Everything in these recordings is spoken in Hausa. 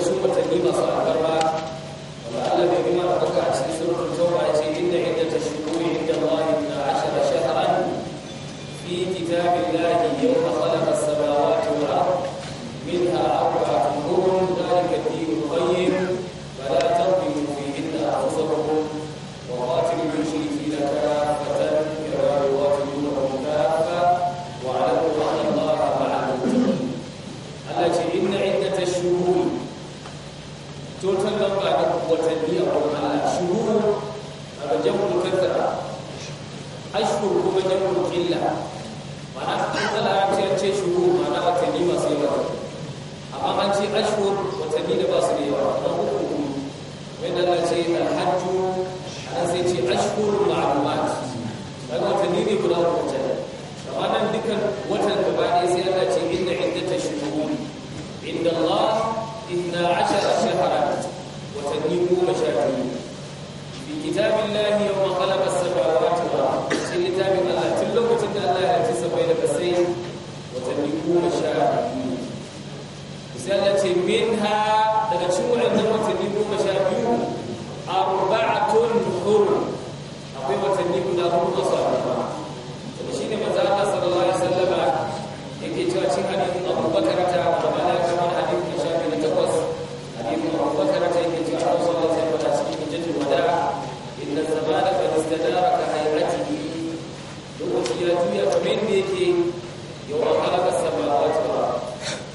su watanni masu albarma إلا هذا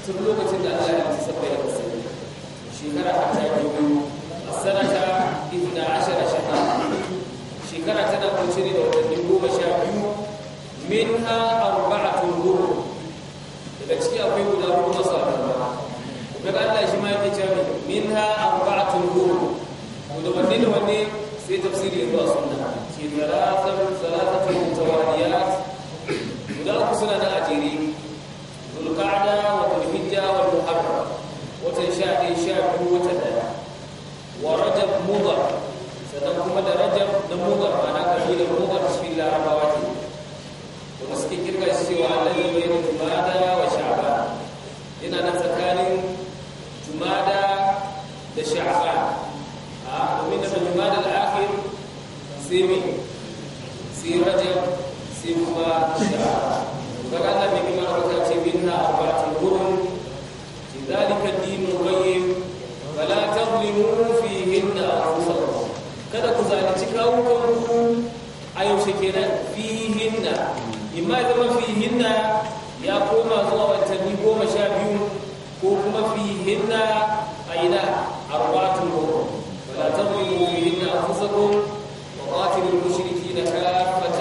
tun lokacin da Allah ya mutu sabbai da kasai shekara a ta biyu a sanata ibna ashara shata shekara tana kwanci ne da watanni goma sha biyu min minha arba'atun ruhu daga ciki akwai guda hudu masu albarka daga Allah shi ma yake cewa min minha arba'atun ruhu guda wanne da wanne sai tafsiri ya zuwa sunna ke zalatatun zalatatun mutawadiyat guda uku suna na ajiri zulqa'da sha ɗaya sha biyu wata ɗaya wa rajab mudar sannan kuma da rajab da mudar ba na ƙarfi da mudar cikin larabawa ke kuma suke kirga cewa allazi bai da jumada wa sha'ban yana na tsakanin jumada da sha'ban a domin da jumada da akhir sai mai sai rajab sai kuma sha'ban ga Allah mai kuma mana tuzlimu fihinna anfusakum kada ku zalunci kawukan ku a yaushe kenan fihinna imma zama fihinna ya koma zuwa watanni goma sha biyu ko kuma fihinna a ina arba'atul hurum wala tuzlimu fihinna anfusakum wa qatilul mushrikeena kaffatan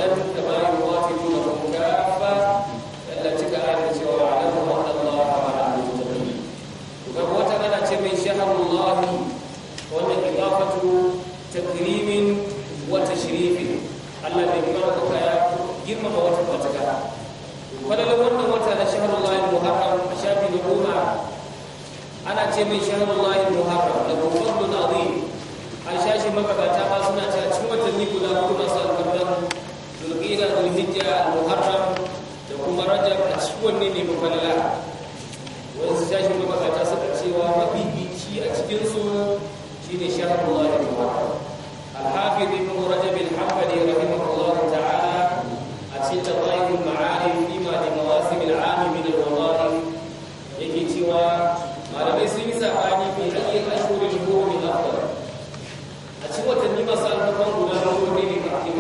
girmama watan wata falalar wannan wata na shaharullahi muharram a shafi na goma ana ce mai shaharullahi muharram da babban azim A shashi magabata ma suna ta cikin watanni guda hudu masu albarkar zulqida zulhijja muharram da kuma rajab a cikin wanne ne mafalala wasu shashi magabata suka cewa mabibici a cikin su shine shaharullahi muharram al-hafiz ibn rajab al-hanbali rahimahullahu sitallahu al-ma'arif bima di mawasim al-'am min al-ramadan yake cewa malamai sun yi sabani bi ayi al-shuhur al-hurum al-afdal a cikin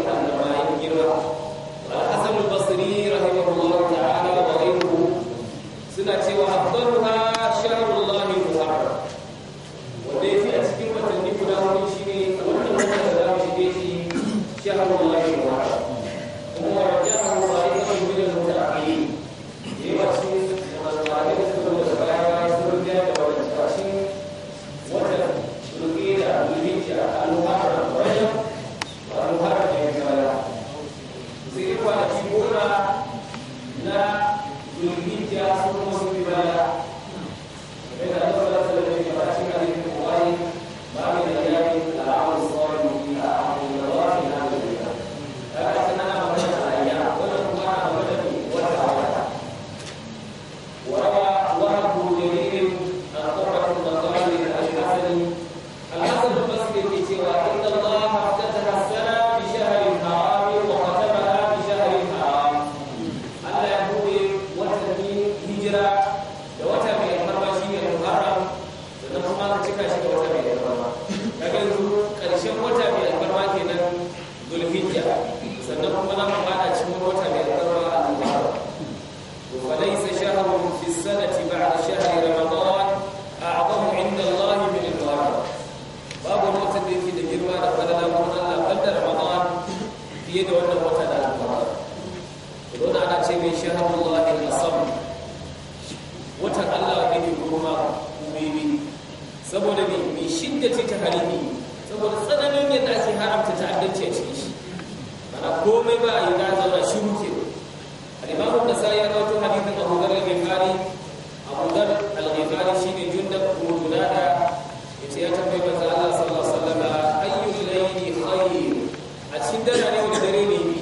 watan ni da wata mai alfarma shi ne muharram sannan kuma ka cika shi da wata mai alfarma daga yanzu ƙarshen wata mai alfarma kenan zulhijja sannan kuma na mu fada cikin wata mai alfarma al-muharram to fa laysa shahrun fi sanati ba'da shahri ramadan a'zamu 'inda Allah min al-muharram babu wata da yake da girma da fadala kuma Allah fadda ramadan fiye da wannan wata da al-muharram to ana ce mai shahrullah saboda ne mai ce ta halibi saboda tsananin yadda ake haramta ta'addanci a cikin shi mana komai ba a yi na zauna shi muke al-imamu nasai ya rawaito hadithin abu dhar al-ghifari abu dhar al-ghifari kuma jundab ibn junada ya tafi manzo Allah sallallahu alaihi wasallam ayyu layli khayr a cikin dare ne da dare ne bi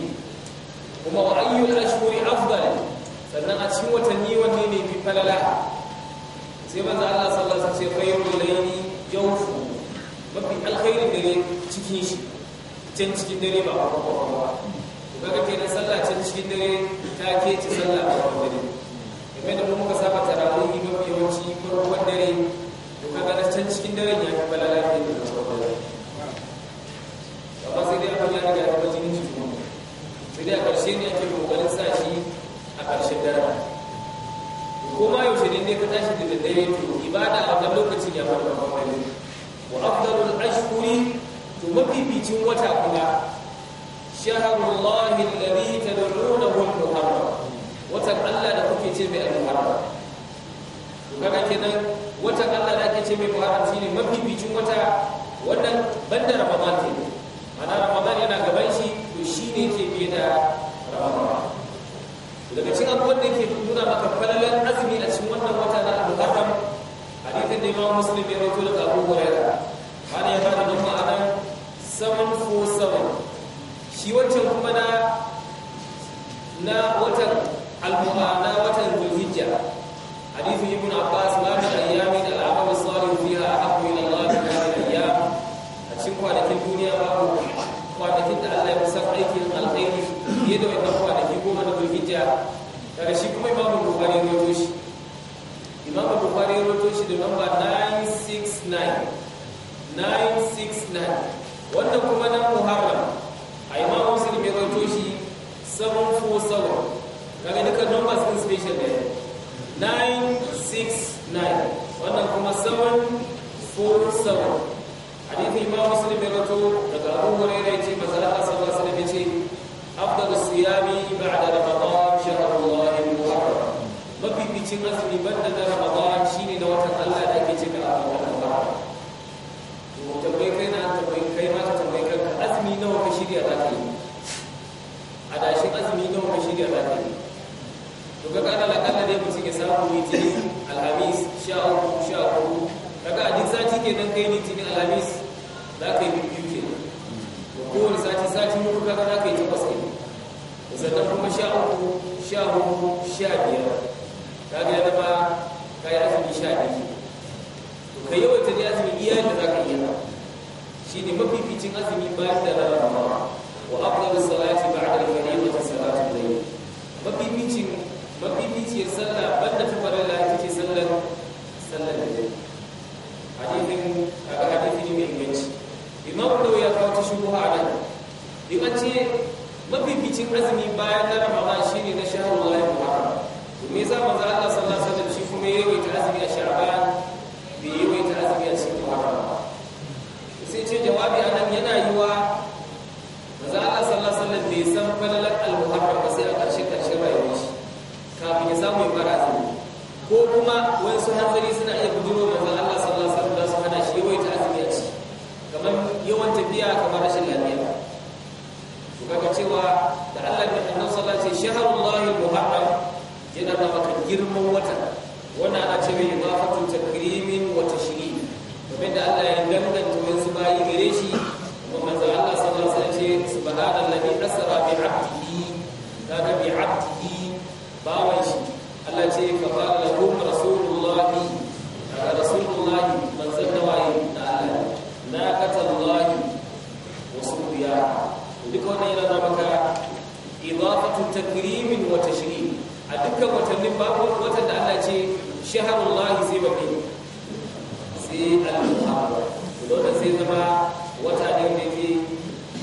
kuma wa ayyu al-ashhuri afdal sannan a cikin watanni wanne ne bi falala sai manzo Allah sallallahu alaihi wasallam ce khairul layli yawfu mafi da dare cikin shi can cikin dare ba ba ba ba kaga kenan sallah can cikin dare ta ke ci sallah a farkon dare kamar da muka saba tarawih mafi yawanci farkon dare to kaga na can cikin dare ya ka balala ke da farkon dare amma sai dai abin ya riga ya shi kuma sai dai a ƙarshe ne ake kokarin sa shi a ƙarshen dare ko ma yaushe ne ka tashi da daddare to ibada a wannan lokacin ya fara kwakwale wa afdalul ashhuri to mafificin wata kuma shahrullahi alladhi tad'unahu al-muharram watan Allah da kuke ce mai al-muharram to kaga kenan watan Allah da ake ce mai muharram shine mafificin wata wannan banda ramadan ne ana ramadan yana gaban shi to shine ke bi da ramadan daga cikin abubuwan da ke nuna maka azumi a cikin wannan wata na al-muharram hadithin da imam muslim ya rawaito daga abu hurairah ya bada nan ma'anar 747 shi wancan kuma na na watan al na watan zulhijja hadithin ibn abbas la ta ayyami da al-amal salih fiha ahabbu ila allah min al-ayyam a cikin kwanakin duniya babu kwanakin da Allah ya musar aikin alkhairi fiye da wannan kwanaki goma na zulhijja daga shi kuma imamu bukhari roto shi imamu bukhari roto shi da namba 969 969 wannan kuma nan muharram a imamu muslim ya roto shi 747 daga duka numbers din special ne 969 wannan kuma 747 Hadithi imamu muslim ya roto daga abu hurairah ya ce masalaka sallallahu alaihi wasallam ya ce afdalus siyami ba'da ramadan cikin azumi banda na ramadan shine da watan Allah da ake cika ramadan ba to kai na tambayi kai ma ka tambayi kanka azumi nawa ka shirya za ka yi a da shi azumi nawa ka shirya za ka yi to ga kana la kana dai mutum ya samu litinin alhamis sha uku sha uku kaga a duk sati kenan kai litinin alhamis za ka yi biyu kenan to kowane sati sati mu kaga za ka yi takwas kenan sannan kuma sha uku sha uku sha biyar kaga ya zama ka yi azumi sha biyu to ka yawaita dai azumi iya da za ka iya shi ne mafificin azumi bayan da na ramadan wa afdalu salati ba ba'da al-fariidati salatu al-layl mafificin mafificin sallah banda ta farilla ita ce sallar sallar dare hadisin kaga hadisin mai inganci imamu da ya kawo ta shubuha a nan in an ce mafificin azumi bayan na ramadan shine na shahrul lahi muharram za yasa manzo Allah sallallahu alaihi wasallam shi kuma yayi ta azumi a Sha'ban bai yi ta azumi a Muharram sai ce jawabi anan yana yiwa manzo Allah sallallahu alaihi wasallam san falalar al-Muharram ba sai a ƙarshe ƙarshen rayuwar shi kafin ya samu ya ko kuma wani su hanzari suna iya buduro manzo Allah sallallahu alaihi wasallam su shi yayi ta azumi a ciki kamar yawan tafiya kamar rashin lafiya to kaga cewa da Allah ne annabi sallallahu alaihi wasallam shahrullahi al-muharram yana da maka girman wata wannan ana ce mai idafatu takrimin wa tashri domin da Allah ya danganta wasu bayi gare shi kuma manzo Allah sallallahu alaihi wasallam ce subhanallahi asra bi 'abdihi kaga bi 'abdihi bawan shi Allah ce ka ba lahum rasulullahi rasulullahi manzo da wayi da Allah naqatallahi wa subiya duka wannan yana da maka idafatu takrimin wa tashri a dukkan watannin babu watan da Allah ce shaharullahi sai babu sai al-muharram dole sai zama wata ne da yake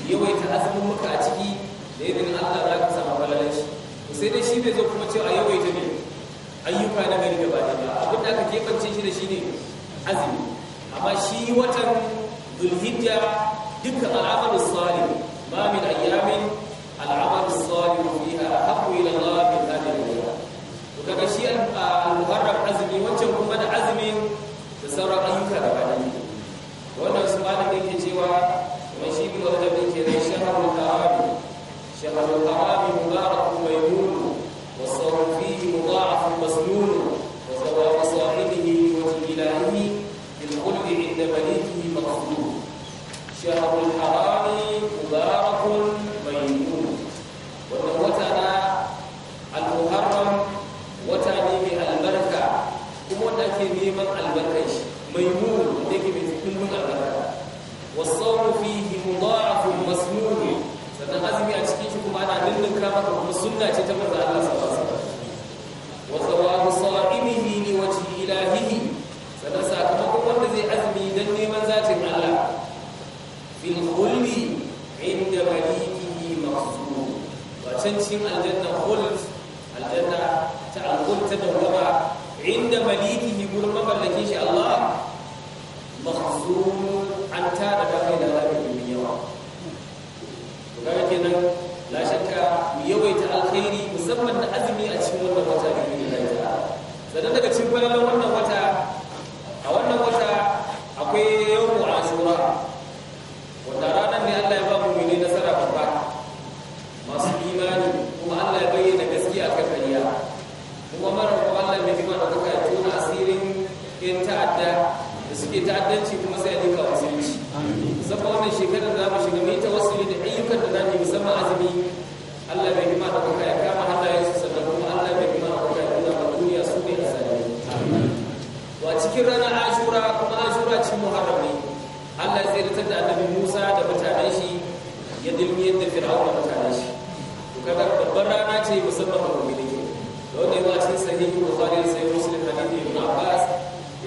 yawaita azumin muka a ciki da idan Allah za samu falalan shi sai dai shi bai zo kuma cewa yawaita ne ayyuka na gari gaba da abin da aka kebance shi da shi ne azumi amma shi watan zulhijja dukkan al'amalu salih ba min ayyamin kaga shi ah, al-muharram azumi wancan kuma da azumi da sauran sunna ce ta manzo Allah sallallahu alaihi wasallam wa thawabu sa'imihi li wajhi ilahihi sakamakon wanda zai azumi dan neman zatin Allah fil khuldi inda malikihi maqsud wa cancin aljanna suke ta'addanci kuma sai a duka musulunci saboda wannan shekarar da mu shiga mu yi tawassuli da ayyukan da za musamman azumi Allah bai da ya kama hannayen su sannan kuma Allah bai hima da kuka ya duniya su ne a cikin ranar Ashura kuma Ashura cin Muharram ne Allah zai ritar da Annabi Musa da mutanen shi ya dilmiyar da Fir'auna da mutanen shi to kaga babbar rana ce musamman ga mu'mini da wannan yawa cikin sahihi Bukhari sai Muslim hadisi Ibn Abbas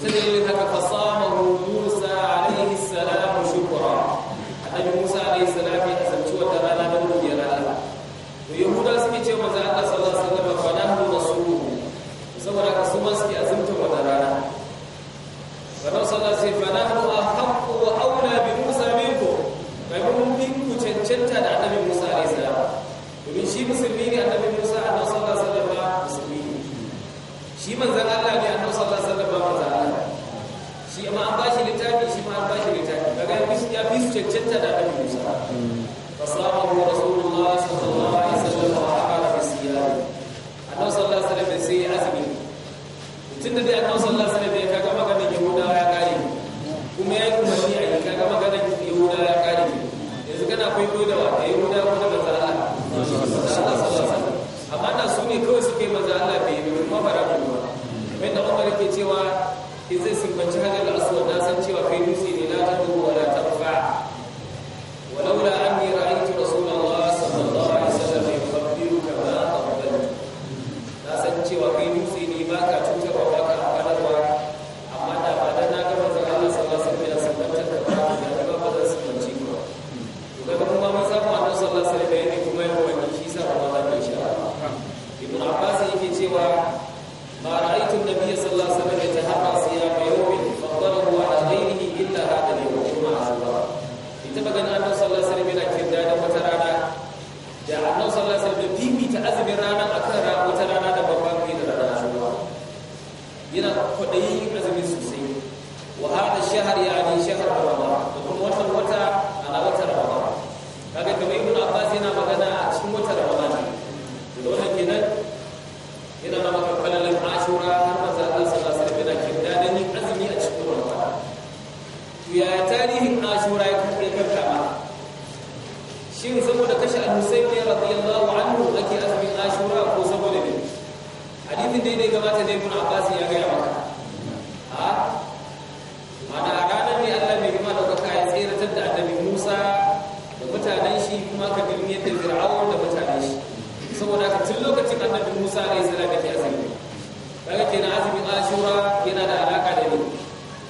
선생님 da dai annabi sallallahu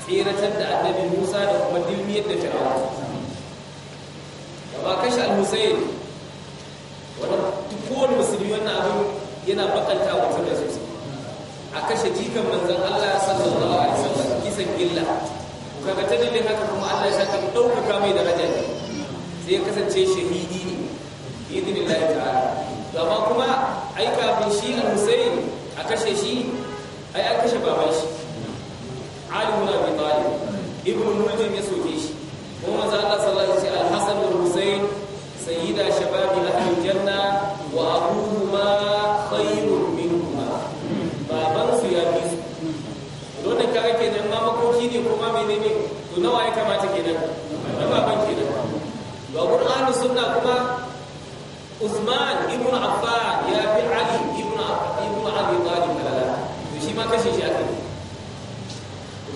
tseratar da annabi Musa da kuma dilmiyar da Fir'aun gaba kashe al musulmi wannan abin yana bakanta wa mutum da sosai a kashe jikan manzon Allah sallallahu alaihi wasallam kisan gilla kaga ta dalilin haka kuma Allah ya saka ɗaukaka mai daraja ne sai ya kasance shahidi ne idinillahi ta'ala gama kuma ai kafin shi al-Husayn a kashe shi ai an kashe baban shi ali ibn abi talib ibn muljim ya soke shi kuma manzo Allah sallallahu alaihi wasallam al-hasan wal husayn sayyida shababi ahli janna wa abuhuma khayrun minhuma baban su ya fi su don kake kenan ma makoki ne kuma menene to nawa ya kamata kenan na baban kenan ga gurin sunna kuma Uthman ibn Affan ya fi Ali ibn Abi Talib falala to shi ma kashe shi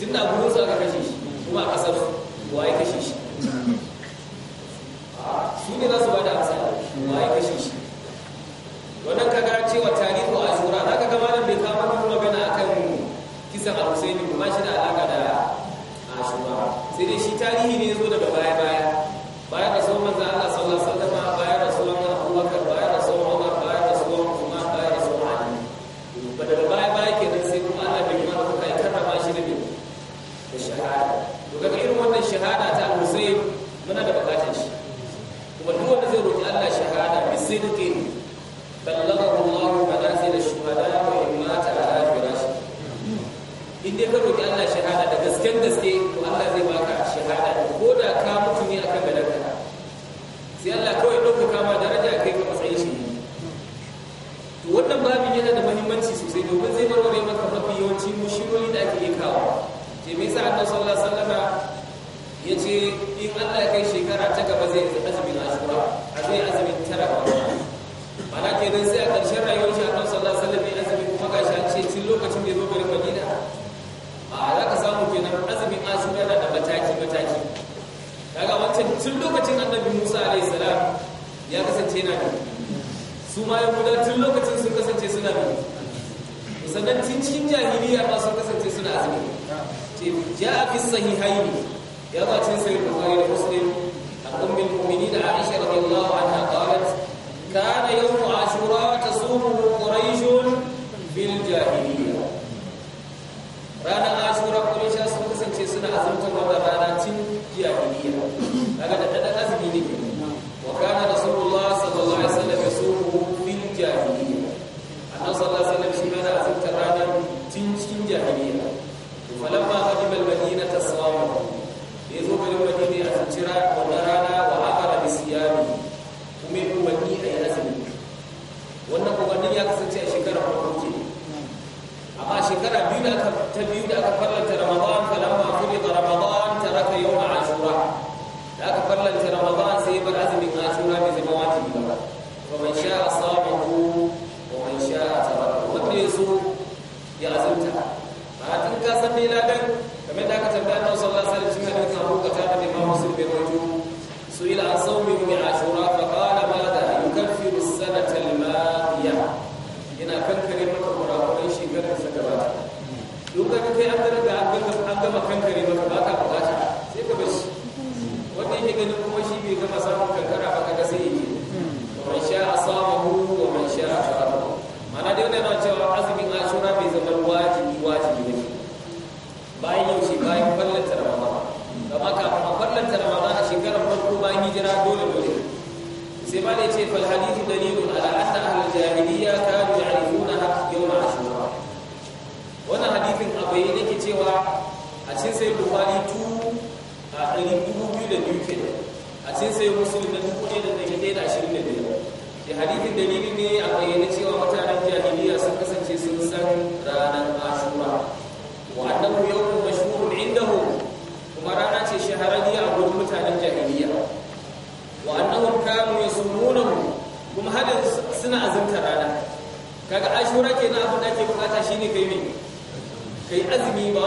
tun da gurin su aka kashe shi kuma a kasar wa ya kashe shi ah, su ne za su ba da amsa wa ya kashe shi wannan kaga cewa tarihi a zura za ka gama da bai kama kuma gana a kan kisan al-husaini kuma shi da alaka da ashura sai dai shi tarihi ne ya zo daga baya-baya bayan da sauran manzo Allah sallallahu alaihi dai ka roki Allah shahada da gasken gaske to Allah zai baka shahada ko da ka mutu ne akan gadanka sai Allah kawai ɗauka kama daraja kai ka matsayin shi to wannan babin yana da muhimmanci sosai domin zai warware maka mafi yawanci mushiroli da ake yi kawo sai me yasa Allah sallallahu alaihi wasallam ya ce in Allah kai shekara ta gaba zai azumi na ashura zai azumi tara ba kenan sai a ƙarshen rayuwar shi Allah sallallahu alaihi wasallam ya azumi kuma gashi an ce tun lokacin da ya tun lokacin annabi musa alaihi salam ya kasance na da su ma yahuda tun lokacin sun kasance suna da musamman tun cikin jahiliya ba sun kasance suna zai ce ya a fi haini ya ba cikin sahih bukhari da muslim an ummi al-mu'minin aisha radiyallahu anha qalat kana yawm ashura tasumu quraish bil jahiliya ranar ashura quraish sun kasance suna azumtar wannan rana tun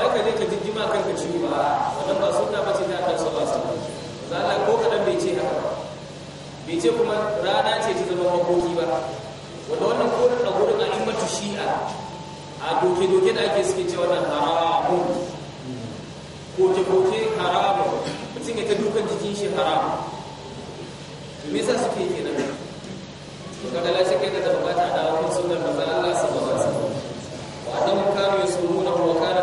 wai ka je ka jijjima kanka ciwo ba wannan ba sunna ba ce ta kan sallallahu alaihi Za zalla ko kadan bai ce haka ba bai ce kuma rana ce ta zama makoki ba wanda wannan ko da gurin a'immatu shi'a a doke-doke da ake suke cewa nan haramun koke-koke haramun mutum ya ta dukan jikin shi haramun me yasa suke kenan kada la shakka da bukata da wannan sunnar manzon Allah sallallahu alaihi wasallam wa adam kanu yasumuna wa kana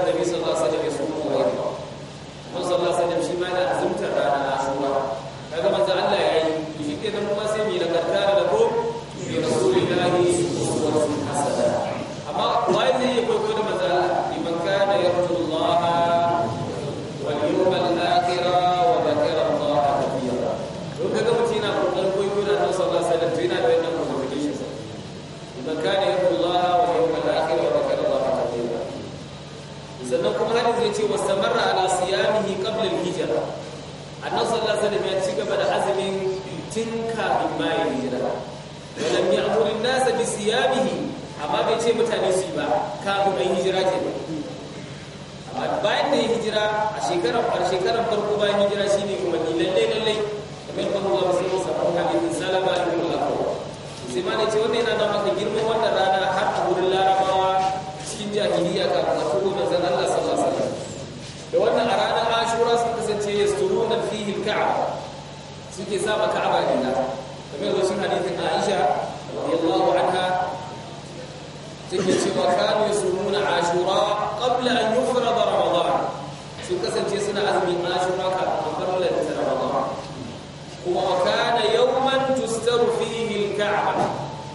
sai mutane su yi ba kafin a yi hijira ke bayan da ya hijira a shekarar a shekarar farko bayan hijira shi ne kuma ni lallai lallai kamar yadda Allah ba sai musa kuma sala ba da kuma lafawa sai ma ne ce wannan yana da maka girman wannan rana har a wurin larabawa cikin jahiliya kafin a turo manzon Allah sallallahu alaihi wasallam da wannan a ranar ashura sun kasance na fihi ka'a suke sa ka'aba dinna kamar yadda sun hadisin Aisha radiyallahu anha take cewa kanu yasumuna ashura qabla an yufrada ramadan su kasance suna azumin ashura kafin a farlanta ramadan kuma wa kana yawman tustaru fihi alka'aba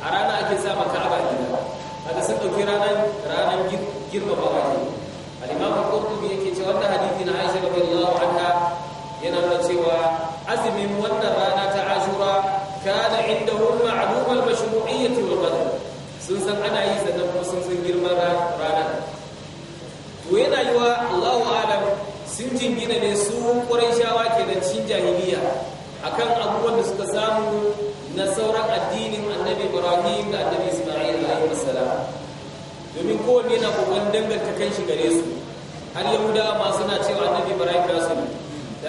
a rana ake sa maka ka'aba gida kaga sun dauki ranar ranar girma ba wani al-imam al-qurtubi yake cewa wannan hadisi na Aisha radiyallahu cewa azumin wannan rana ta ashura kana indahum ma'lum al-mashru'iyyah wal qadr sun san ana yi sannan kuma sun san girman ranar to yana yi wa allahu adam sun jingina ne su ƙurai shawa ke da cin jahiliya A kan abubuwan da suka samu na sauran addinin annabi ibrahim da annabi isma'il alaihi salam domin kowanne yana kokarin danganta kan shi gare su har yahuda ma suna cewa annabi ibrahim ya sani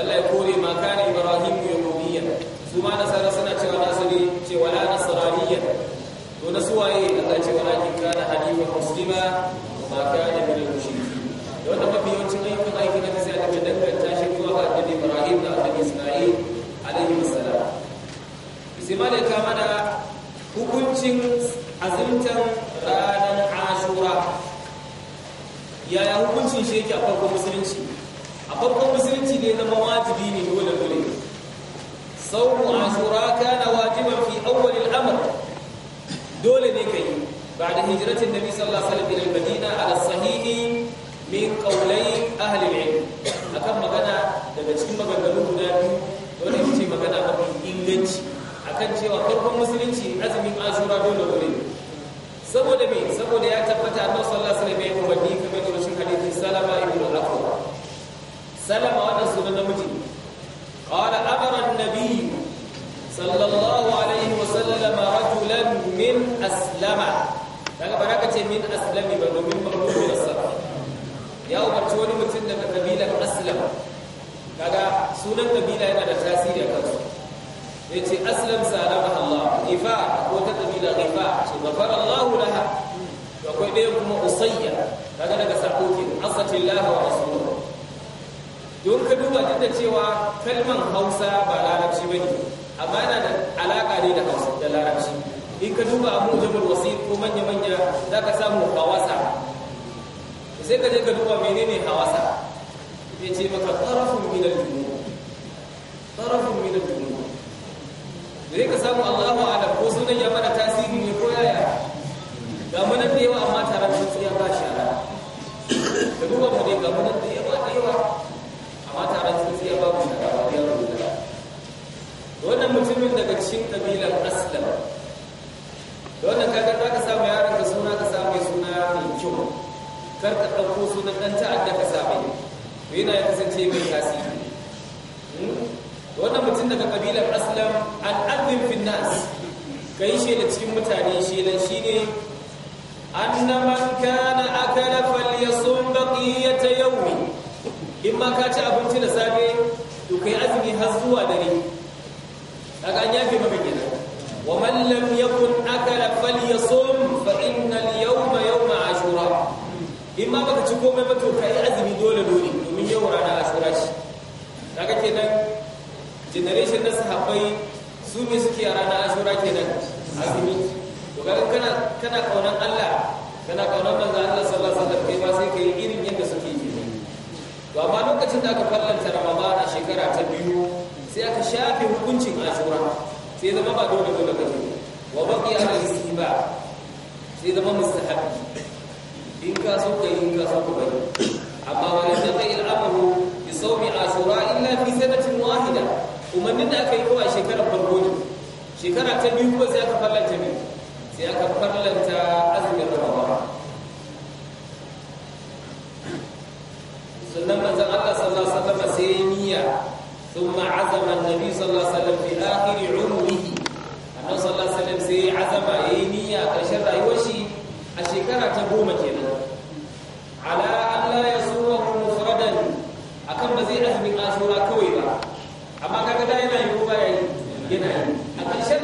Allah ya kore ma kana ibrahim yahudiyya su ma nasara suna cewa nasari cewa la nasarariyya to na suwaye Allah ce wala in kana halifan muslima ma kana min al-mushrikin da wannan mafi yawancin ayyukan aiki na sai aka danganta shi zuwa ga Annabi Ibrahim da Annabi Isma'il alaihi salam sai ma da kama da hukuncin azumtar ranar Ashura yaya hukuncin shi yake a farkon musulunci a farkon musulunci ne zama wajibi ne dole dole sauku ashura kana wajiban fi awwal al-amr dole ne kai بعد هجرة النبي صلى الله عليه وسلم إلى المدينة على الصحيح من قولي أهل العلم akan magana daga cikin maganganu guda biyu dole ne ce magana mafi inganci akan cewa farkon musulunci azumin ashura dole dole saboda me saboda ya tabbata annabi sallallahu alaihi wasallam ya umarni kamar da cikin hadisi salama ibn al-aqwa salama wannan sunan namiji qala amara an-nabi sallallahu aslama daga ba ka ce min aslami ba domin farko min aslama ya umarci wani mutum daga kabilar aslam kaga sunan kabila yana da tasiri a kansu ya ce aslam ba Allah ifa ko ta kabila ifa ce gafar Allah laha kai ɗaya kuma usayya kaga daga sakokin asatillaha wa rasuluhu don ka duba duk da cewa kalman hausa ba larabci ba ne amma yana da alaƙa ne da hausa da larabci in ka duba abu jamal wasi ko manya manya za ka samu hawasa sai ka je ka duba menene hawasa ya ce maka tsarafin min al tsarafin tarafin min da ya ka samu Allahu ala ko sunan ya mana tasiri yana ya kasance mai tasiri wannan mutum daga kabilar aslam an azin finnas ka yi shaida cikin mutane shaidan shi ne annaman kana akala falyasun baqiyata yawmi in ma ka ci abinci da safe to kai azumi har zuwa dare daga an yafe maka kenan wa man lam yakun akala falyasum fa inna al-yawma yawma ashura in ma baka ci komai ba to kai azumi dole dole kenan generation na sahabbai su ne suke a ranar ashura kenan azumi to ga kana kana kaunan Allah kana kaunan manzo Allah sallallahu alaihi wasallam kai ba sai kai irin yadda suke yi to amma lokacin da aka fallanta Ramadan a shekara ta biyu sai aka shafe hukuncin ashura sai zama ba dole dole ba ne wa baqiya al-istiba sai zama mustahabi in ka so kai in ka so ka bari amma wala taqi al-amru bi sawmi ashura umarnin da aka yi kawai shekarar farko ne shekara ta biyu kuma sai aka farlanta ne sai aka farlanta azumin ramadan sannan manzon Allah sallallahu alaihi wasallam sai ya niyya ثم عزم النبي صلى الله عليه وسلم في اخر عمره annabi sallallahu alaihi wasallam sai ya azama yayi niyya karshen rayuwar shi a shekara ta goma kenan amma kaga da yana yi ko ba yi yana yi a ƙarshen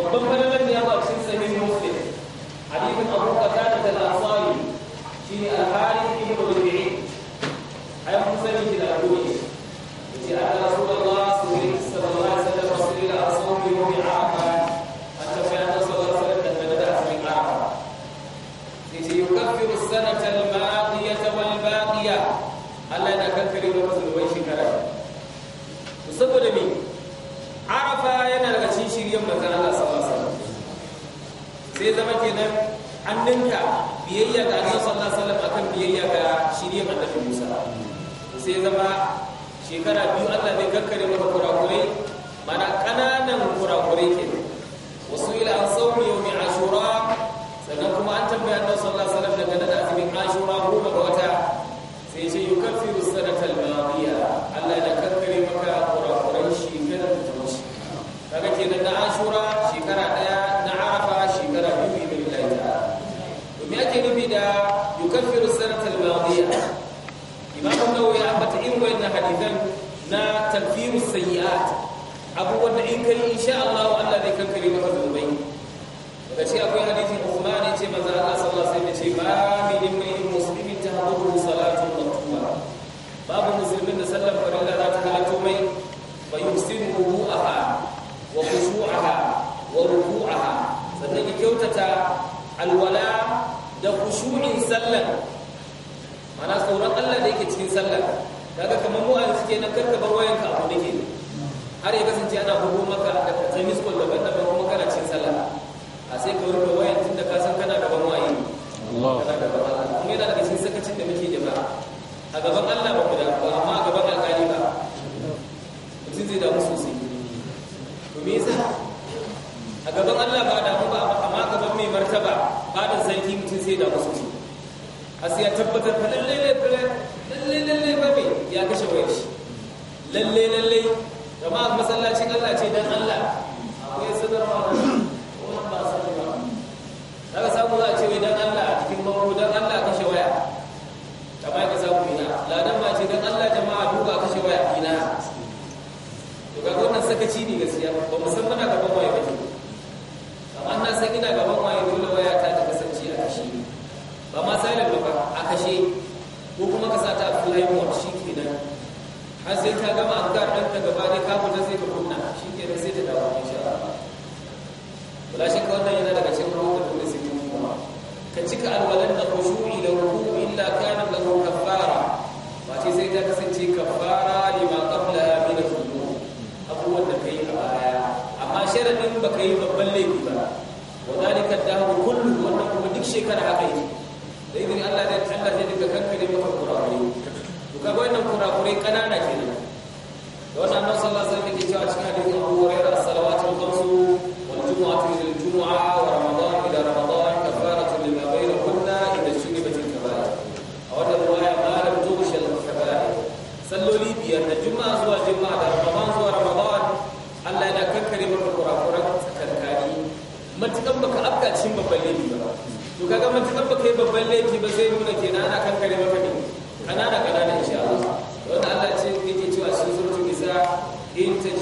babban falalan da ya ba cikin sahihin muslim hadisin abu qatada al-ansari shine al sai zama shekara biyu Allah zai kakkare maka kurakurai mana kananan kurakurai ke wasu ila an sauri yau mai ashura sannan kuma an tambaya annabi sallah alaihi wasallam daga da azumin ashura ko ga wata sai ce yukaffiru sanata al-madiya Allah da kakkare maka kurakurai shekara da ta wasu kaga ke daga ashura sayyi'at abubuwan da in kai insha Allah Allah zai kankare maka zunubai daga akwai hadisi Usman ya ce manzo Allah sallallahu alaihi wasallam ya ce ba min muslimin salatu maqtuwa babu musulmin da sallar farilla za ta mai fa yusimu wudu'aha wa khushu'aha wa ruku'aha sannan ya kyautata alwala da khushu'in sallar tsoron Allah da yake cikin sallar daga kamar mu a suke na nan wayan ka abu nake har ya kasance ana bugu maka da tsamis ko da daban daban kuma kana cin sallah a sai ka rubuta wayan tun da ka san kana da ban wayi Allah kana da ban Allah kuma yana daga cikin sakacin da muke jama'a a gaban Allah ba ku da ba amma a gaban alƙali ba mutum zai damu sosai to me yasa a gaban Allah ba damu ba amma gaban mai martaba ba da sarki mutum zai damu sosai a sai ya tabbatar fa lalle lalle lalle lalle ya kashe wayar shi lalle lalle jama'a masallacin Allah ce dan Allah akwai sadarwa wannan ba sai ba daga samu za a ce dan Allah a cikin bango dan Allah kashe waya jama'a ka samu ina ladan ma ce dan Allah jama'a duka kashe waya ina to ga wannan sakaci ne gaskiya ba musamman ga bango sai ta gama azkar ɗan ta gaba dai ka fita sai ta kunna shi ke nan sai ta dawo insha Allah wala shi ka wannan yana daga cikin ruwan da sai ta kuma ka cika alwalan da khushu'i da ruku illa kana lahu kaffara ba ce sai ta kasance kaffara lima qabla min al-dhunub abubuwan da yi a baya amma sharadin baka yi babban laifi ba wa dalika dahru kullu wannan kuma duk shekara haka yake da idan Allah zai Allah zai daga kankare maka kurakurai to kaga wannan kurakurai ƙanana kenan da wannan annabi sallallahu alaihi wasallam yake cewa cikin hadisin Abu Hurairah as-salawatu al-khamsu wal a wannan salloli biyar juma'a zuwa juma'a da zuwa Allah yana baka afka cikin babban laifi ba to kaga matukan baka yi babban laifi ba sai nuna kenan ana kankare maka ne kanana kanana insha Allah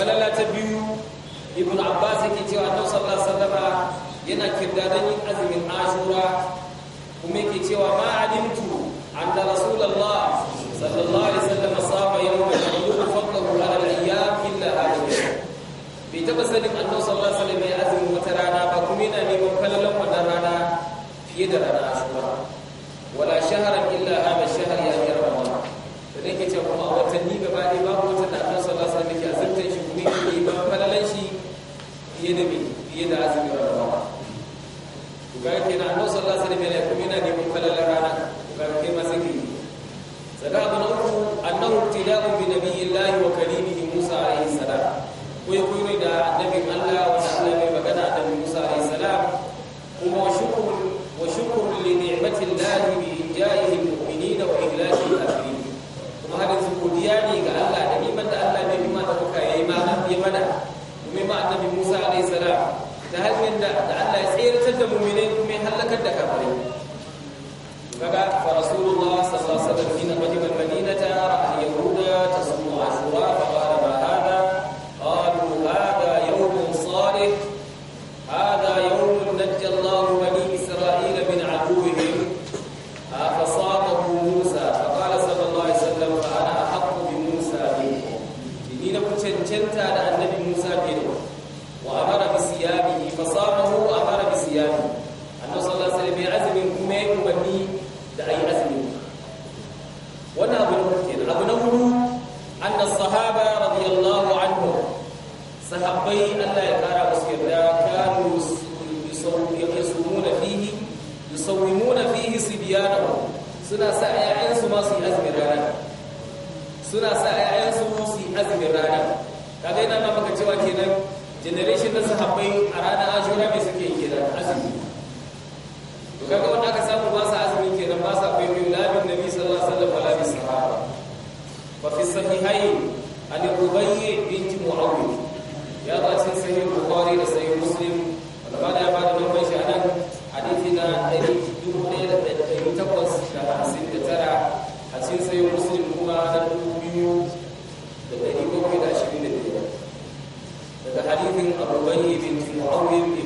falala ta biyu ibn abbas yake cewa annabi sallallahu alaihi wasallam yana kirdadan yin azumin ashura kuma yake cewa ma alimtu anna rasulullah sallallahu alaihi wasallam saba yawma yaqulu faqahu ala al-ayyam illa hadhihi bai taba sanin annabi sallallahu alaihi wasallam ya azumin wata rana ba kuma yana neman kallon wannan rana fiye da rana ashura wala shahran illa hadha ash-shahr ya ramadan da nake cewa kuma watanni gaba ɗaya babu fiye da mai fiye da azumin ramadan to ga kenan annabi sallallahu alaihi wasallam kuma yana neman falalar rana to ga kai alaihi salam da hanyar da Allah ya tsayar da mu'mine kuma ya halakar da kafirai kaga suna sa ‘ya'yansu ma su yi azumin rana suna sa ‘ya'yansu su yi azumin rana kaga yana ma maka cewa kenan generation na sahabbai a ranar ashura mai suke yi kenan azumi to kaga wanda aka samu ba sa azumi kenan ba sa kwaikwayo labin nabi sallallahu alaihi wasallam wala bi sahaba Ba fi sahihayn an rubayyi binti mu'awi ya ba cin sahih bukhari da sahih muslim wanda ba da ya ba da numban a anan hadisi na 1800 sai sai muslim kuma na dubu biyu da ɗari bakwai da ashirin da biyar daga hadithin abubai bin mu'awiyar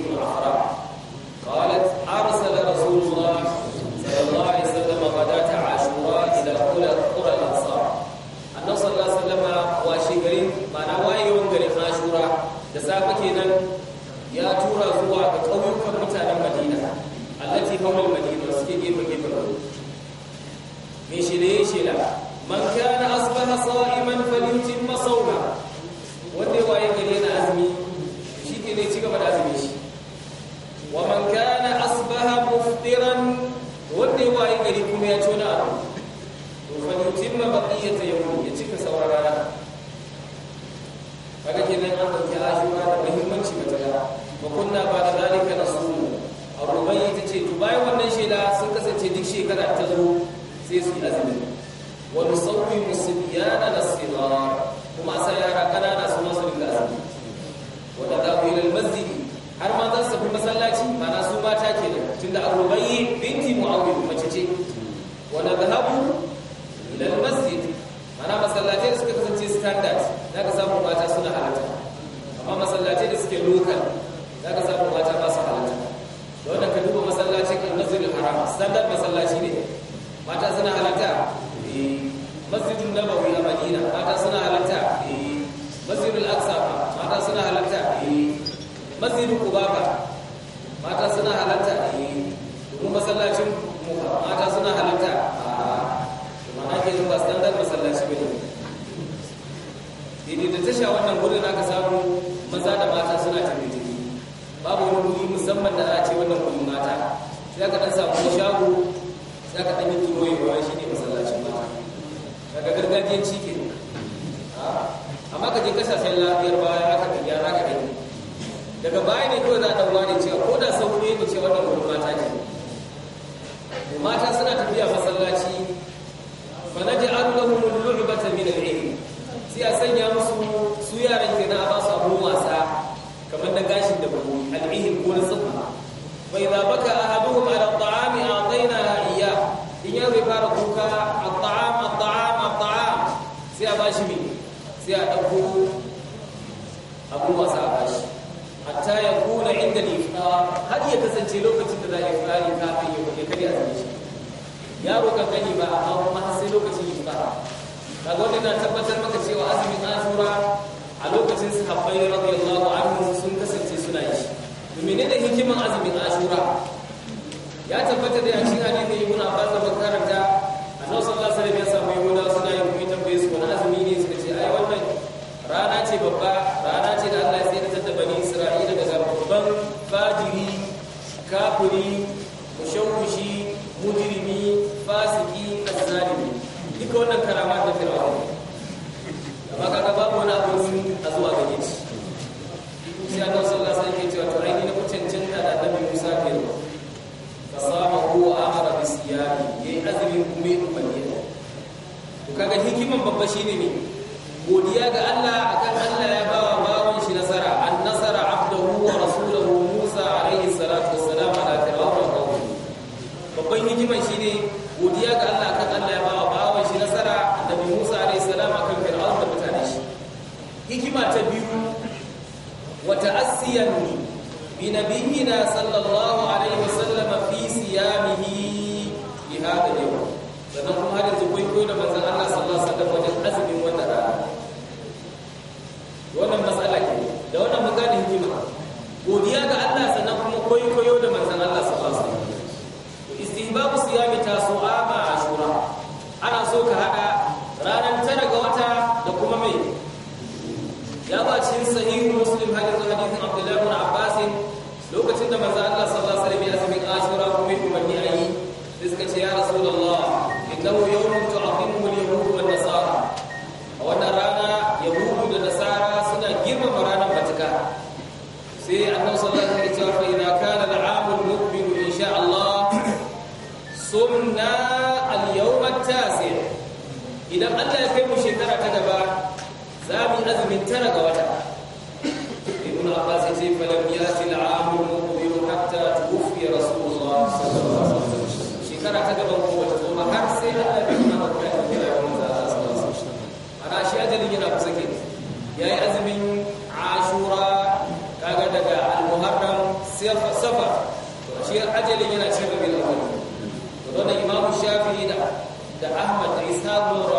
da rubai binti mu'awiyah mace ce wa nadhhabu lokacin sahabbai radiyallahu anhu sun kasance suna yi domin ne hikiman azumin ashura ya tabbata da yakin hadisi ibn abbas da karanta annabi sallallahu alaihi wasallam ya samu yahuda suna yin kuma tambaye su wani azumi ne suka ce ai wannan rana ce babba rana ce da Allah ya tsira da bani isra'ila daga babban fajiri kafiri mushawishi mujrimi fasiki azzalimi duka wannan karama da zuwa ga shi sai annabi sallallahu alaihi sai ke cewa turai ne na cancanta da annabi Musa ke yi fasama a amara siyari ya yi azumin kuma ya umarni to kaga hikiman babba shi ne ne. godiya ga Allah a kan Allah ya wa bawon shi nasara an nasara abduhu wa rasulahu Musa alaihi salatu wassalam ala kawai babban hikiman shi ne. hikima ta biyu wata asiyan bi nabiyina sallallahu alaihi wasallam fi siyamihi bi hada yau sannan kuma hadin zubai koyi da manzon Allah sallallahu alaihi wasallam wajen azumi idan Allah ya kai mu shekara ta gaba za mu azumin tara ga wata ibn abbas yace fa lam yasil amul muqbil hatta tufi rasulullah sallallahu alaihi wasallam shekara ta gaba ko wata zo har sai Allah ya kai mu da kira mun za a ana shi ajali yana kusa ke yayi azumin ashura kaga daga al-muharram sai safar shi ajalin yana cikin bil-awwal wannan imamu shafi'i da da ahmad da ishaq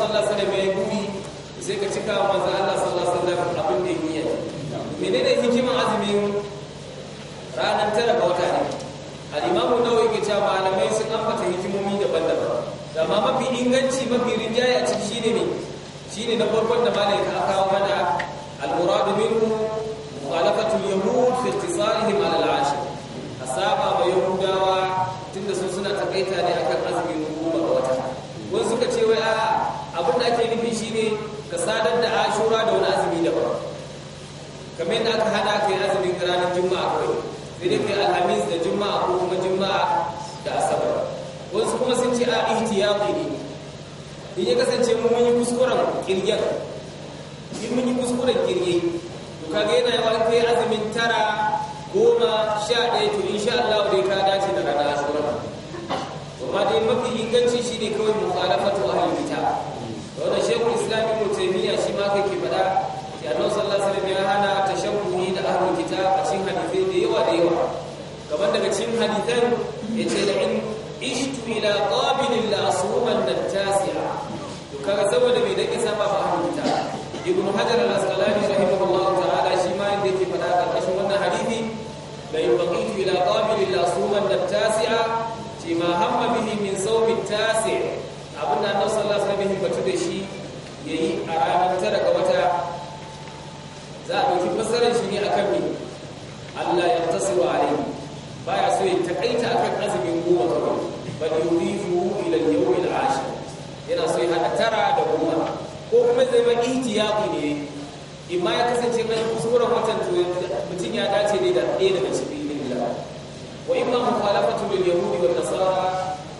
sallallahu alaihi wasallam ya gumi sai ka cika manzo Allah sallallahu alaihi wasallam abin da yake menene hikiman azumin ranar tara ga wata ne al-imamu nawawi ke cewa malamai sun ambata hikimomi daban-daban amma mafi inganci mafi rinjaye a ciki shine ne shine na farkon da malai ka kawo mana al-muradu minhu abin da aka hada ka yi azumin ranar juma'a kawai sai dai kai alhamis da juma'a ko kuma juma'a da asabar wasu kuma sun ce a ihtiyati ne in ya kasance mun yi kuskuren kirgen in mun yi kuskuren kirge to kaga yana yawa ka yi azumin tara goma sha ɗaya to sha Allah dai ka dace da ranar asabar amma dai mafi inganci shine kawai mu fara fatuwa kitab wannan shekul Wanda daga cikin hadithan ya ce da in ishtu ila qabilin la asuman nan tasi'a to kaga saboda mai dake saba ba hadita ibn hajar al-asqalani rahimahullahu ta'ala shi ma inda yake fada a ƙarshen wannan hadithi la yubaqitu ila qabilin la asuman nan tasi'a ce ma hamma bihi min sawmi tasi' abinda annabi sallallahu alaihi wasallam batu da shi yayi a ranar tara ga wata za a ɗauki fassarar shi ne akan me Allah ya tasiru alaihi baya so ya takaita akan azumin goma kawai bal yurifu ila al-yawm al-ashir yana so ya hada tara da goma ko kuma zai ma ihtiyati ne imma ya kasance mai kusuran watan to mutum ya dace ne da ɗaya daga cikin lillah wa imma mukhalafatu lil yahudi wal nasara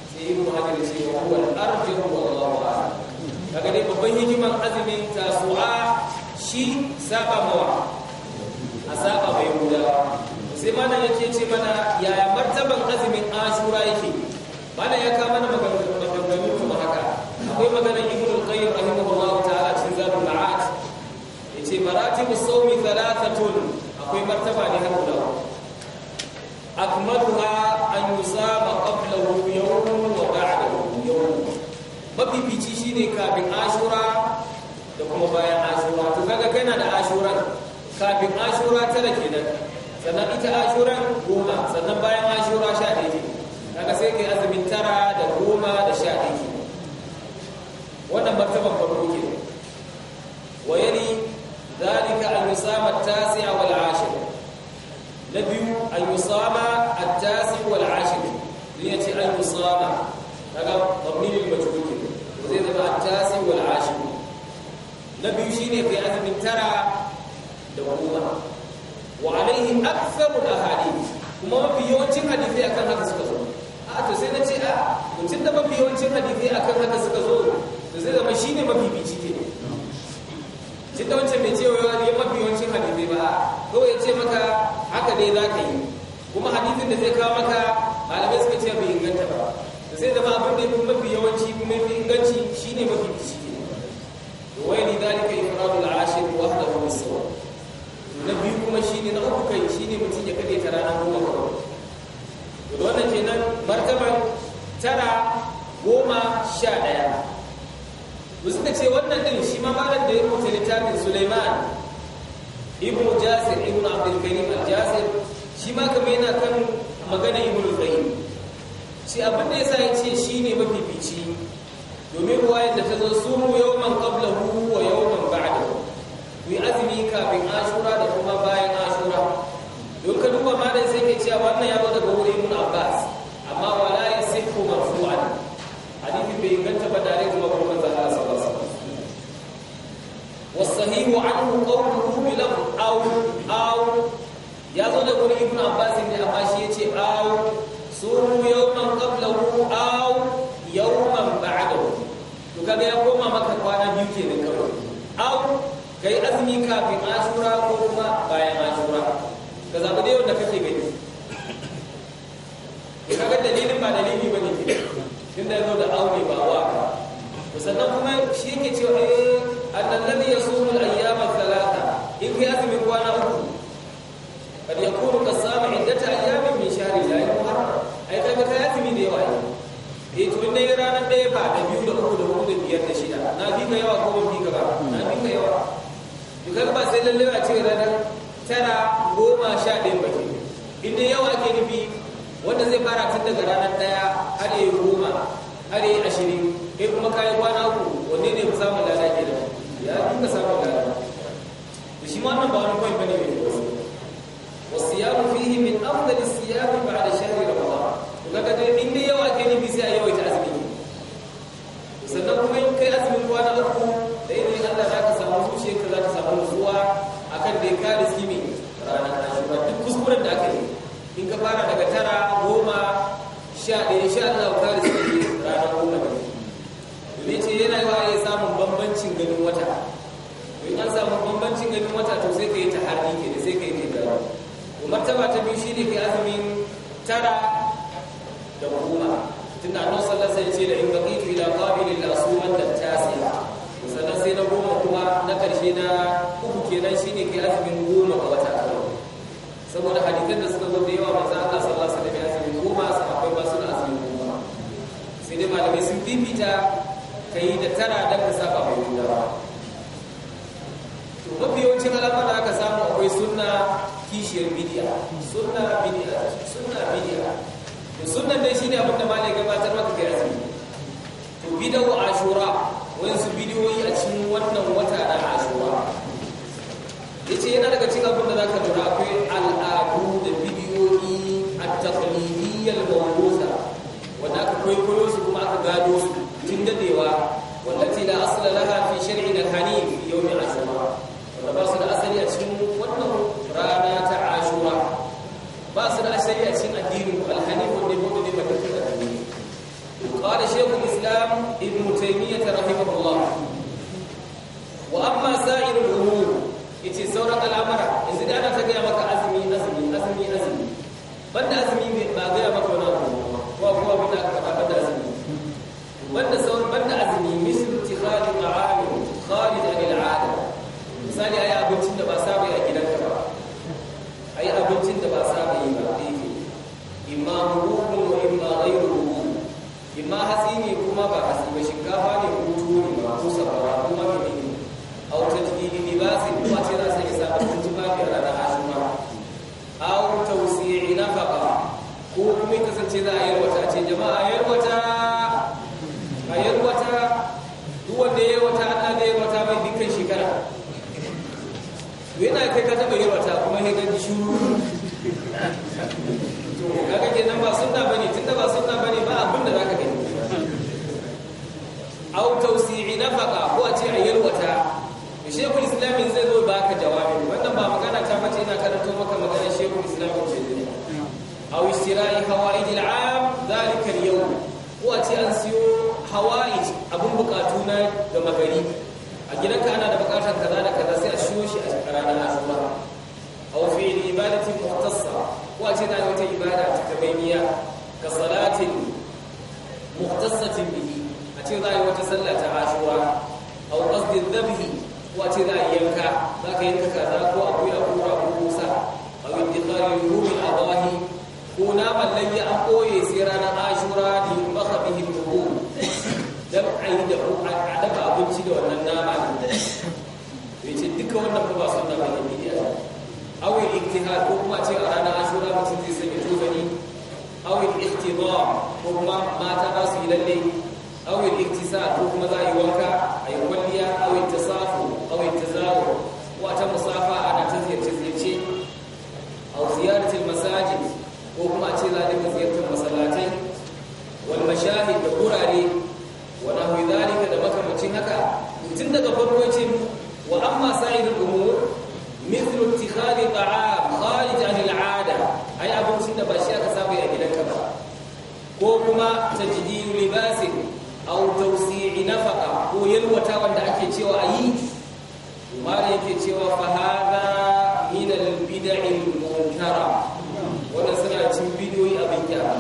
sai yin muhadari shi wa huwa al-arjih wallahu a'lam kaga dai babban hikiman azumin tasu'a shi saba mawa a saba bai gudawa sai mana ya ce ce mana yaya martaban azumin ashura yake mana ya ka mana maganganu kuma haka akwai maganar ibn al-qayyim rahimahullah ta'ala cikin zabul ma'at yace maratibu sawmi thalathatun akwai martaba ne har guda akmaluha an yusama qablahu yawmun wa ba'dahu yawmun mafifici shine kafin asura da kuma bayan ashura to kaga kana da asura? kafin ashura tara kenan sannan ita ashuran goma sannan bayan ashura sha ɗaya ne daga sai kai azumin tara da goma da sha ɗaya wannan martaban farko ke wa yali zalika al-yusama at-tasi'a wal 'ashir na biyu al-yusama at-tasi' wal 'ashir ne yace al-yusama daga tabnil al-majhul zai zama at-tasi' wal 'ashir na biyu shine kai azumin tara da goma wa alaihi aktharul ahadith kuma mafi yawancin hadisi akan haka suka zo a to sai na ce a mutum da mafi yawancin hadisi akan haka suka zo to sai zama shine mafi bici ke shi ta wancan bai ce wa yi mafi yawancin hadisi ba kawai ya ce maka haka dai za ka yi kuma hadisin da zai kawo maka malamai suka ce bai inganta ba To sai zama abin da yafi mafi yawanci kuma fi inganci shine mafi bici ke wai ni dalika ifradul ashir wahdahu bis-sawab na biyu kuma shi ne na uku kai shi ne mutum ya kade ta ranar goma ga da wannan kenan martaban tara goma sha ɗaya ba suka ce wannan din shi ma malam da ya rubuta littafin suleiman ibu jasir ibn abdulkarim al-jasir shi ma kama yana kan magana ibu al-qayyim shi abin da sa ya ce shi ne mafifici domin ruwayar da ta zo sumu yawman qablahu wa man ba'dahu ku yi azumi kafin ashura da kuma bayan ashura don ka duba malam sai ke cewa wannan ya zo daga wurin ibn abbas amma wala yasihu marfu'an hadisi bai inganta ba da rage mako manzo Allah sallallahu alaihi wasallam wasahihu anhu qawluhu bi aw aw ya zo daga wurin ibn abbas kafin asura ko kuma bayan asura ka zaɓi dai wanda kake gani ka ga dalilin ba dalili ba ne tun da yanzu da aure ba wa sannan kuma shi yake cewa eh annan ladhi yasumu al-ayyama talata in kai azumin kwana uku kad yakunu kasama iddata ayyamin min shahri la muharram ai ka kai azumi da yawa eh to inda ranar ɗaya ba da biyu da uku da hudu da biyar da shida na bi ka yawa ko ban bi ka ba na bi ka yawa to ba sai lalle a ce ranar tara goma sha ɗaya ba ke inda yawa ake nufi wanda zai fara tun daga ranar ɗaya har yi goma har yi ashirin kai kuma kayan kwana ku wanne ne ku samun lada ke da ya duka samun lada da shi ma wannan ba wani kawai bane mai wasu wasu fi yi min afdali siyami ba da shari'a ba to kaga dai in ka fara daga tara goma sha ɗaya sha Allah ta da suke ranar goma da domin ce yana yawa ya samun bambancin ganin wata in an samu bambancin ganin wata to sai ka yi ta harbi ke da sai ka yi ta gara martaba ta biyu shi ne ka azumin tara da goma tun da annon sallar sai ce da in baƙi fi da ƙabilin ne da tasiya sannan sai na goma kuma na ƙarshe na uku kenan shi ne ka azumin goma ga wata saboda hadisan da suka zo da yawa manzo Allah sallallahu alaihi wasallam ya ce goma sahabbai ba suna azumi goma sai dai malamai sun bibita kai da tara da ka saba mai juna ba to mafi yawancin alamar da aka samu akwai sunna kishiyar bid'a sunna bid'a sunna bid'a to sunnan dai shine abin da malai gabatar maka kai azumi to bid'a ashura wayansu bidiyoyi a cikin wannan wata na ashura yace yana daga cikin abin da zaka lura akwai al'adu da bidiyoyi a taqlidiyyah al-mawruza wanda aka koyo su kuma aka gado su tun dadewa wallati da asla laha fi shar'in al-hanif fi yawm al-ashura wanda ba su da asali a cikin wannan rana ta ashura ba su da asali a cikin addinin al-hanif wanda ya bude maka addini qala shaykh al-islam ibn taymiyyah rahimahullah wa amma sa'irul yace sauran al'amara yanzu da ana ta gaya maka azumi azumi azumi azumi banda azumi ne ba gaya maka wani abu ko ko abin da aka faɗa banda azumi banda sauran banda azumi mislu tikhali ma'alim khalid anil 'ada misali ayi abincin da ba saba yi a gidanka ba ayi abincin da ba saba yi ba dake imma ruhun imma ghayru imma hasi kuma ba shinkafa ne wa'azi ko a zai za a sake rana azumara aw fi ibadatin muhtassara ko a ce na wata ibada ta kabainiya ka salatin muhtassatin bihi a ce za a yi wata sallah ta ashura aw qasdin dhabhi ko a ce za a yanka za ka yanka kaza ko akuya ko rago ko sa aw intiqali naman layya an koye sai ranar ashura da bihin a yi da a abinci da wannan duka wannan ba su da bada bidiya awai iktihar ko kuma ce a ranar asura mutum zai sanya tozani awai ikhtibar ko kuma mata za su yi lalle awai iktisar ko kuma za a yi wanka وأما سائر الأمور مثل اتخاذ طعام خارج عن العادة أي أبو سنة باشياء كسابي أجل كبا كوكما تجديد لباس أو توسيع نفقة هو يلوى تاوان دعكي تيوى أي ما يكي تيوى فهذا من البدع المنكرة wannan suna cin bidiyoyi abin kyara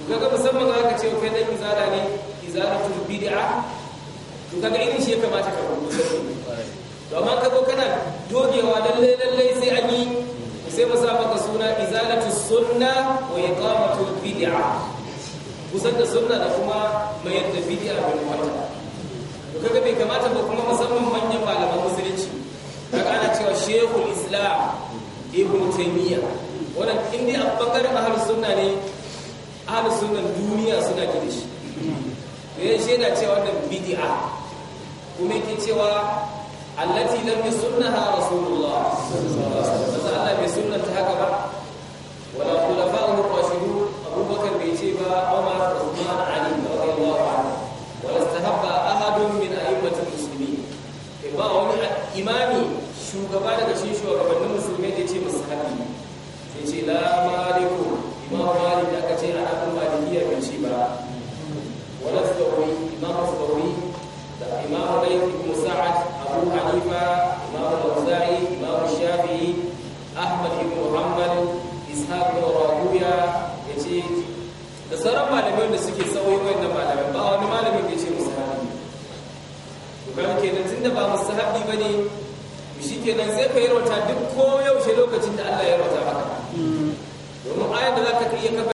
to kaga musamman za ka ce kai dan izara ne izaratul bid'a to kaga irin shi ya kamata ka rubuta domin ka kana dogewa lalle lalle sai an yi sai mu maka suna izalatu sunna wa iqamatu bid'a kusan da sunna da kuma mayar da bid'a bin wata to kaga bai kamata ba kuma musamman manyan malaman musulunci kaga kana cewa shehul islam ibnu taymiya wannan indai a bangaren ahlus sunna ne ahlus sunnan duniya suna kire shi yayin shi yana cewa wannan bid'a kuma yake cewa allati lam yasunnaha rasulullah sallallahu alaihi wasallam Allah bai sunnanta haka ba wala khulafa'u ar-rashidun Abubakar bai ce ba Umar Uthman Ali radiyallahu anhu wala istahabba ahadun min a'immatil muslimin ba wani imami shugaba daga cikin shugabannin musulmi da ya ce musahabi sai ce la malikum imam malik da aka ce a nan malikiya bai ce ba wala sabawi imam sabawi da imam malik ibn sa'ad أبو حنيفة إمام الأوزاعي إمام الشافعي أحمد بن محمد إسحاق بن راهوية يجي da sauran malamai da suke sauyi wayannan malamai ba wani malamin ya ce musahabi kuma kenan tunda ba musahabi bane shikenan sai ka yarwata duk ko yaushe lokacin da Allah ya yarwata maka domin da zaka